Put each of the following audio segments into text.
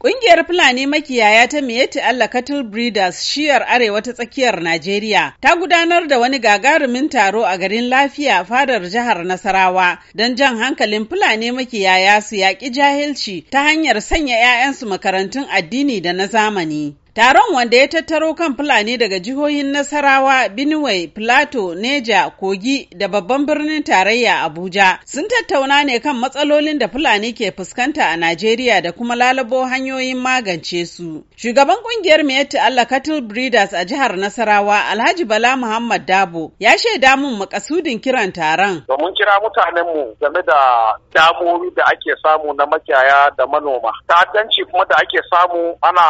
Ƙungiyar Fulani makiyaya ta mieti Allah Cattle Breeders shiyar arewa ta tsakiyar Najeriya ta gudanar da wani gagarumin taro a garin lafiya fadar jihar Nasarawa don jan hankalin Fulani makiyaya su yaƙi jahilci ta hanyar sanya 'ya'yansu makarantun addini da na zamani. Taron wanda ya tattaro kan Fulani daga jihohin Nasarawa, Benue, Plateau, Neja, Kogi da babban birnin tarayya Abuja sun tattauna ne kan matsalolin da Fulani ke fuskanta a Najeriya da kuma lalabo hanyoyin magance su. Shugaban kungiyar Miyetti Allah Cattle Breeders a jihar Nasarawa, Alhaji Bala Muhammad Dabo, ya shaida mun makasudin kiran taron. mun kira mutanenmu game da damomi da ake samu na makiyaya da manoma, ta'addanci kuma da ake samu ana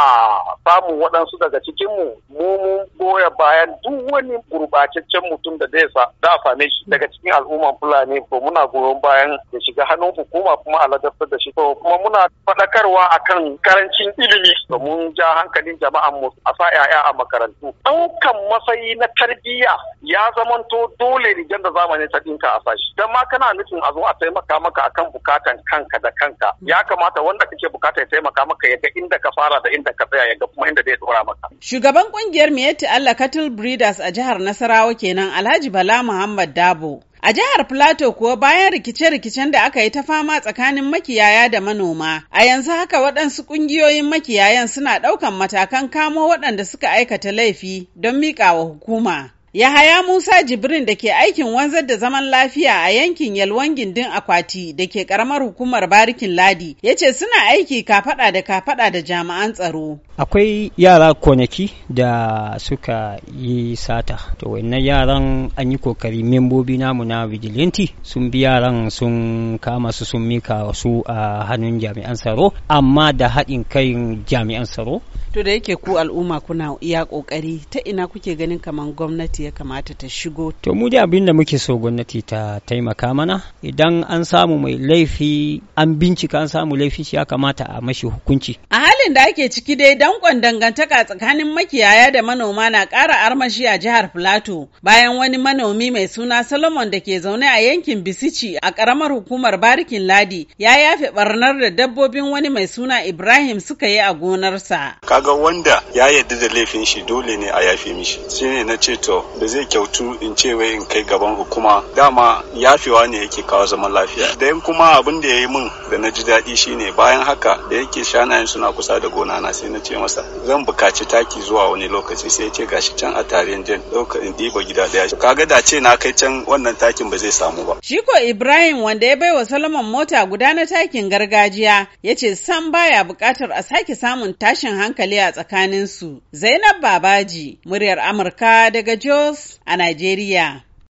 samu samu waɗansu daga cikinmu mu mun goya bayan duk wani gurbataccen mutum da zai sa da shi daga cikin al'umman Fulani ko muna goyon bayan ya shiga hannun hukuma kuma a ladabtar da shi to kuma muna faɗakarwa akan karancin ilimi mun ja hankalin jama'an mu a sa 'ya'ya a makarantu ɗaukan masayi na tarbiyya ya zamanto dole rigar da zamani ta ɗinka a sashi dan ma kana nufin a zo a taimaka maka akan bukatan kanka da kanka ya kamata wanda kake bukata ya taimaka maka ya ga inda ka fara da inda ka tsaya ya ga kuma inda da zai dora maka. Shugaban kungiyar Miyetti Allah Cattle Breeders a jihar Nasarawa kenan Alhaji Bala Muhammad Dabo. A jihar Plateau kuwa bayan rikice-rikicen da aka yi ta fama tsakanin makiyaya da manoma, a yanzu haka waɗansu ƙungiyoyin makiyayan suna ɗaukan matakan kamo waɗanda suka aikata laifi don miƙawa hukuma. Yahaya Musa Jibrin da ke aikin wanzar da zaman lafiya a yankin Yalwan gindin Akwati da ke karamar hukumar Barikin Ladi ya ce suna aiki kafada da kafada da jami'an tsaro. Akwai yara kwanaki da suka yi sata. To wannan yaran an yi kokari membobi namu na vigilanti sun bi yaran sun kama su sun mika su a hannun jami'an tsaro amma da haɗin kai jami'an tsaro. To da yake ku al'umma kuna iya kokari ta ina kuke ganin kamar gwamnati gwamnati ya kamata ta shigo. To mu abin da muke so gwamnati ta taimaka mana idan an samu mai laifi an bincika an samu laifi shi ya kamata a mashi hukunci. A halin da ake ciki dai dankon dangantaka tsakanin makiyaya da manoma na ƙara armashi a jihar Filato bayan wani manomi mai suna Solomon da ke zaune a yankin Bisici a ƙaramar hukumar Barikin Ladi ya yafe barnar da dabbobin wani mai suna Ibrahim suka yi a gonarsa. Kaga wanda ya yarda da laifin shi dole ne a yafe mishi. Shine na ce to da zai kyautu in ce wai in kai gaban hukuma dama yafewa ne yake kawo zaman lafiya dayan kuma abin da ya yi min da na ji daɗi shine bayan haka da yake shanayen suna kusa da gona na sai na ce masa zan bukaci taki zuwa wani lokaci sai ya ce gashi can a tarihin jan ɗauka in ɗiba gida ɗaya kaga da ce na kai can wannan takin ba zai samu ba. Shiko Ibrahim wanda ya bai wa Salomon mota guda na takin gargajiya ya ce sam baya buƙatar a sake samun tashin hankali a tsakaninsu. Zainab Babaji, muryar Amurka daga Jo Jos a Najeriya.